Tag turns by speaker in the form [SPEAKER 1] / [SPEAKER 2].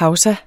[SPEAKER 1] Hausa